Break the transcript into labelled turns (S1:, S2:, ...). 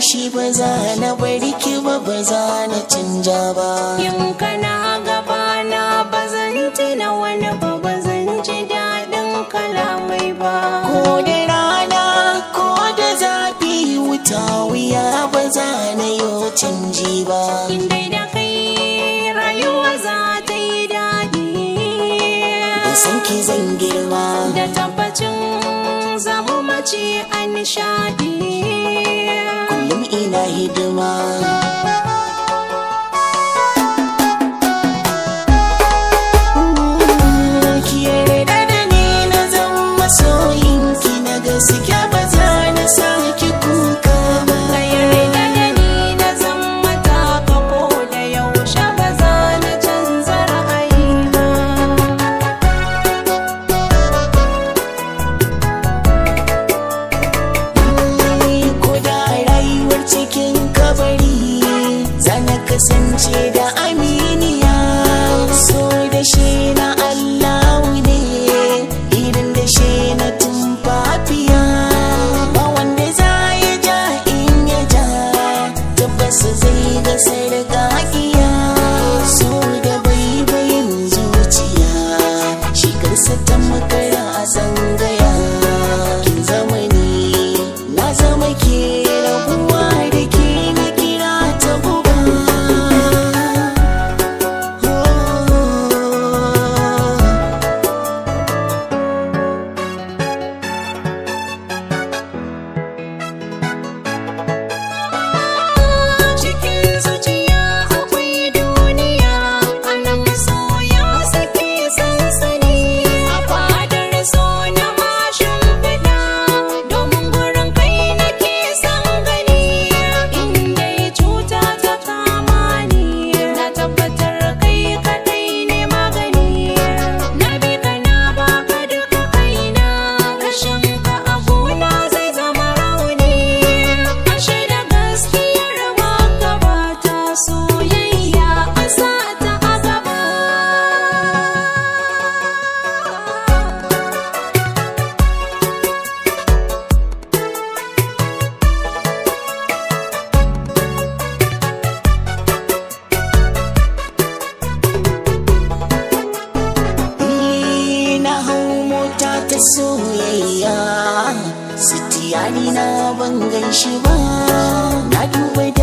S1: shi ba na bari ki ba ba na canja ba yin kana gaba na ba zan na wani ba ba zan ji daɗin
S2: kalamai ba ko da rana
S1: ko da zafi wuta wuya ba za na yi canji ba inda da kai rayuwa za ta
S2: yi daɗi
S1: da san ki zan
S2: girma da tabbacin zama mace a nishaɗi
S1: नहीं डुमा soyayya sitiyani na ban gan shi ba na duba